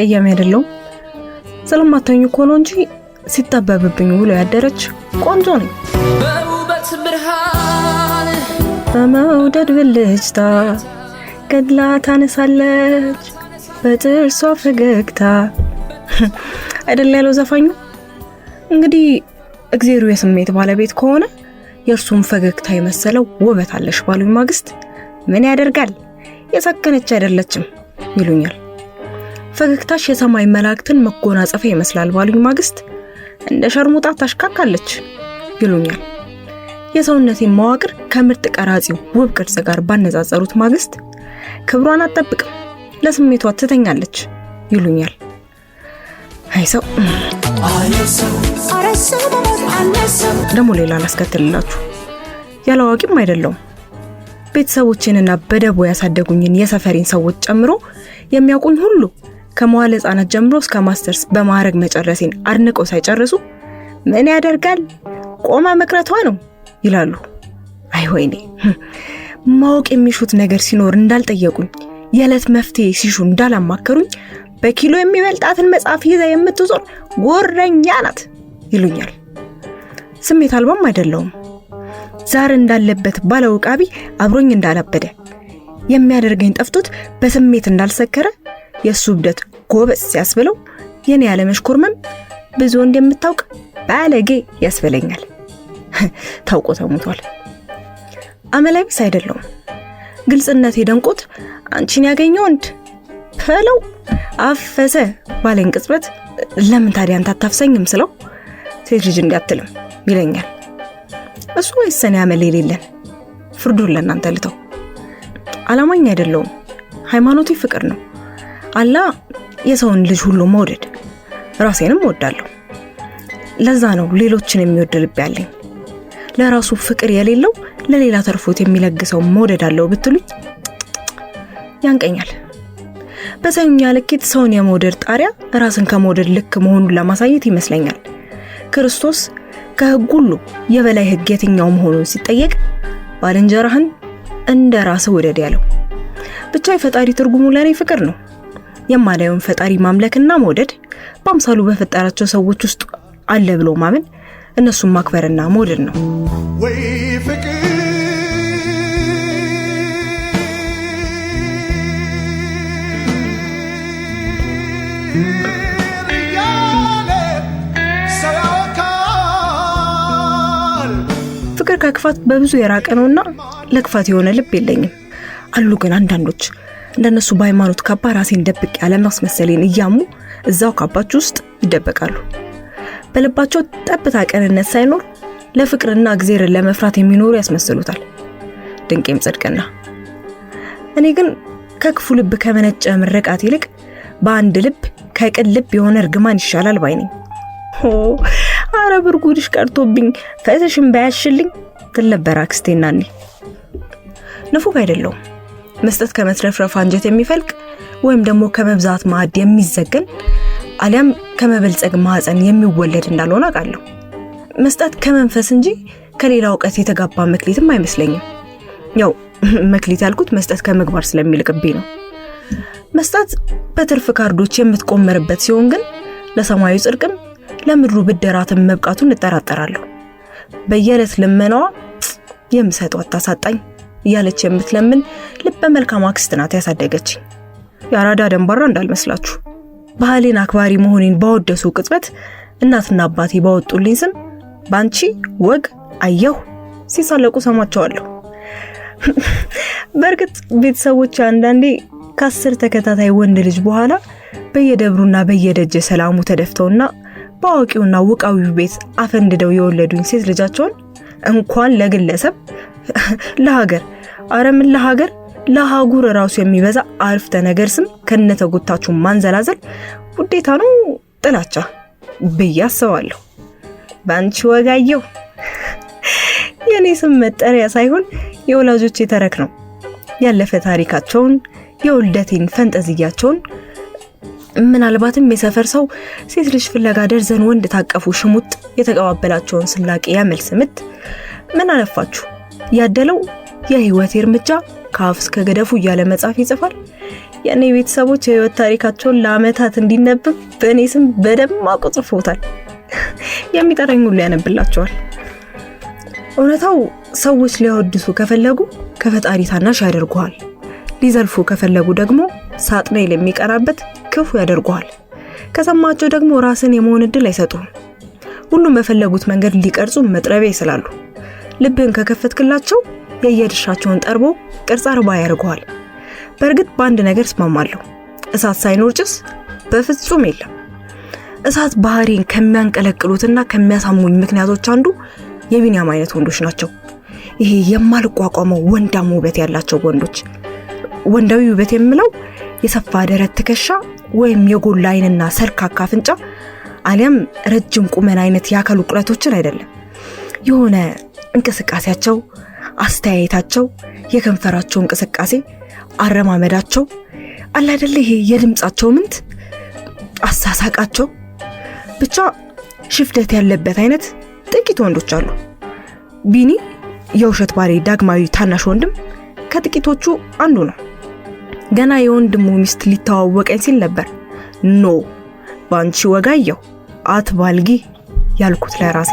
አስቀያሚ አይደለሁም። ስለማታኙ እኮ ነው እንጂ ሲጠበብብኝ ውሎ ያደረች ቆንጆ ነኝ። በውበት ብርሃን በመውደድ ብልጭታ ገድላ ታነሳለች በጥርሷ ፈገግታ አይደል ያለው ዘፋኙ። እንግዲህ እግዜሩ የስሜት ባለቤት ከሆነ የእርሱም ፈገግታ የመሰለው ውበት አለሽ ባሉኝ ማግስት ምን ያደርጋል የሰከነች አይደለችም ይሉኛል። ፈገግታሽ የሰማይ መላእክትን መጎናጸፊያ ይመስላል ባሉኝ ማግስት እንደ ሸርሙጣ ታሽካካለች ይሉኛል። የሰውነቴን መዋቅር ከምርጥ ቀራጺው ውብ ቅርጽ ጋር ባነጻጸሩት ማግስት ክብሯን አትጠብቅም ለስሜቷ ትተኛለች ይሉኛል። አይ ሰው ደግሞ ሌላ ላስከትልላችሁ። ያላዋቂም አይደለውም። ቤተሰቦችንና በደቦ ያሳደጉኝን የሰፈሬን ሰዎች ጨምሮ የሚያውቁኝ ሁሉ ከመዋለ ህጻናት ጀምሮ እስከ ማስተርስ በማዕረግ መጨረሴን አድንቀው ሳይጨርሱ ምን ያደርጋል ቆማ መቅረቷ ነው ይላሉ። አይ ወይኔ ማወቅ የሚሹት ነገር ሲኖር እንዳልጠየቁኝ፣ የዕለት መፍትሄ ሲሹ እንዳላማከሩኝ፣ በኪሎ የሚበልጣትን መጽሐፍ ይዛ የምትዞር ጎረኛ ናት ይሉኛል። ስሜት አልባም አይደለውም። ዛር እንዳለበት ባለውቃቢ አብሮኝ እንዳላበደ የሚያደርገኝ ጠፍቶት በስሜት እንዳልሰከረ የእሱ እብደት ጎበዝ ሲያስብለው የኔ ያለመሽኮርመም ብዙ እንደምታውቅ ባለጌ ያስብለኛል። ታውቆ ተሙቷል። አመላቢስ አይደለውም። ግልጽነቴ ደንቆት አንቺን ያገኘው ወንድ ፈለው አፈሰ ባለኝ ቅጽበት ለምን ታዲያ አንተ አታፍሰኝም ስለው ሴት ልጅ እንዲያትልም ይለኛል። እሱ ሰኔ አመል የሌለን ፍርዱን ለእናንተ ልተው። አላማኝ አይደለውም። ሃይማኖቴ ፍቅር ነው። አላ የሰውን ልጅ ሁሉ መውደድ፣ ራሴንም እወዳለሁ። ለዛ ነው ሌሎችን የሚወድ ልብ ያለኝ። ለራሱ ፍቅር የሌለው ለሌላ ተርፎት የሚለግሰው መውደድ አለው ብትሉኝ ያንቀኛል። በሰኛ ልኬት ሰውን የመውደድ ጣሪያ ራስን ከመውደድ ልክ መሆኑን ለማሳየት ይመስለኛል። ክርስቶስ ከሕግ ሁሉ የበላይ ሕግ የትኛው መሆኑን ሲጠየቅ ባልንጀራህን እንደ ራስህ ውደድ ያለው ብቻ የፈጣሪ ትርጉሙ ለእኔ ፍቅር ነው። የማላየውን ፈጣሪ ማምለክና መውደድ በአምሳሉ በፈጠራቸው ሰዎች ውስጥ አለ ብሎ ማመን እነሱን ማክበርና መውደድ ነው። ፍቅር ከክፋት በብዙ የራቀ ነውና ለክፋት የሆነ ልብ የለኝም አሉ ግን አንዳንዶች እንደነሱ በሃይማኖት ካባ ራሴን ደብቅ ያለማስመሰሌን እያሙ እዛው ካባች ውስጥ ይደበቃሉ። በልባቸው ጠብታ ቀንነት ሳይኖር ለፍቅርና እግዜርን ለመፍራት የሚኖሩ ያስመስሉታል። ድንቄም ጽድቅና እኔ ግን ከክፉ ልብ ከመነጨ ምርቃት ይልቅ በአንድ ልብ ከቅን ልብ የሆነ እርግማን ይሻላል ባይ ነኝ። ሆ አረ ብርጉድሽ ቀርቶብኝ ፈሰሽን ባያሽልኝ ትል ነበር አክስቴና እኔ ንፉግ አይደለውም መስጠት ከመትረፍረፍ አንጀት የሚፈልቅ ወይም ደግሞ ከመብዛት ማዕድ የሚዘገን አሊያም ከመበልጸግ ማዕፀን የሚወለድ እንዳልሆነ አውቃለሁ። መስጠት ከመንፈስ እንጂ ከሌላ እውቀት የተጋባ መክሊትም አይመስለኝም። ያው መክሊት ያልኩት መስጠት ከምግባር ስለሚልቅብኝ ነው። መስጠት በትርፍ ካርዶች የምትቆመርበት ሲሆን ግን ለሰማዩ ጽድቅም ለምድሩ ብድራትም መብቃቱን እጠራጠራለሁ። በየዕለት ልመናዋ የምሰጠው አታሳጣኝ። እያለች የምትለምን ልበ መልካም አክስት ናት ያሳደገች። የአራዳ ደንባራ እንዳልመስላችሁ። ባህሌን አክባሪ መሆኔን ባወደሱ ቅጽበት እናትና አባቴ ባወጡልኝ ስም ባንቺ ወግ አየሁ ሲሳለቁ ሰማቸዋለሁ። በእርግጥ ቤተሰቦች አንዳንዴ ከአስር ተከታታይ ወንድ ልጅ በኋላ በየደብሩና በየደጀ ሰላሙ ተደፍተውና በአዋቂውና ውቃዊው ቤት አፈንድደው የወለዱኝ ሴት ልጃቸውን እንኳን ለግለሰብ ለሀገር አረምን ለሀገር ለአህጉር ራሱ የሚበዛ አርፍተ ነገር ስም ከነተጎታችሁ ማንዘላዘል ውዴታ ነው ጥላቻ ብዬ አስባለሁ። በአንቺ ወጋየሁ የእኔ ስም መጠሪያ ሳይሆን የወላጆች የተረክ ነው። ያለፈ ታሪካቸውን የውልደቴን ፈንጠዝያቸውን ምናልባትም የሰፈር ሰው ሴት ልጅ ፍለጋ ደርዘን ወንድ ታቀፉ ሽሙጥ የተቀባበላቸውን ስላቄ ያመል ስምት ምን አለፋችሁ ያደለው የህይወቴ እርምጃ ከአፍ እስከ ገደፉ እያለ መጽሐፍ ይጽፋል። ያኔ ቤተሰቦች የህይወት ታሪካቸውን ለአመታት እንዲነብብ በእኔ ስም በደማቁ ጽፎታል። የሚጠራኝ ሁሉ ያነብላቸዋል። እውነታው ሰዎች ሊያወድሱ ከፈለጉ ከፈጣሪ ታናሽ ያደርጉሃል። ሊዘልፉ ከፈለጉ ደግሞ ሳጥናኤል የሚቀራበት ክፉ ያደርጉሃል። ከሰማቸው ደግሞ ራስን የመሆን እድል አይሰጡም። ሁሉም በፈለጉት መንገድ ሊቀርጹ መጥረቢያ ይስላሉ። ልብን ከከፈትክላቸው የየድርሻቸውን ጠርቦ ቅርጽ አርባ ያደርገዋል። በእርግጥ በአንድ ነገር እስማማለሁ፣ እሳት ሳይኖር ጭስ በፍጹም የለም። እሳት ባህሪን ከሚያንቀለቅሉትና ከሚያሳሙኝ ምክንያቶች አንዱ የቢኒያም አይነት ወንዶች ናቸው። ይሄ የማልቋቋመው ወንዳም ውበት ያላቸው ወንዶች። ወንዳዊ ውበት የምለው የሰፋ ደረት ትከሻ፣ ወይም የጎላ አይንና ሰልክ አፍንጫ አሊያም ረጅም ቁመን አይነት የአካል ውቅረቶችን አይደለም። የሆነ እንቅስቃሴያቸው አስተያየታቸው፣ የከንፈራቸው እንቅስቃሴ፣ አረማመዳቸው አላደለ ይሄ የድምፃቸው ምንት አሳሳቃቸው ብቻ ሽፍደት ያለበት አይነት ጥቂት ወንዶች አሉ። ቢኒ የውሸት ባሌ ዳግማዊ ታናሽ ወንድም ከጥቂቶቹ አንዱ ነው። ገና የወንድሙ ሚስት ሊተዋወቀኝ ሲል ነበር ኖ በአንቺ ወጋየው አት ባልጊ ያልኩት ለራሴ።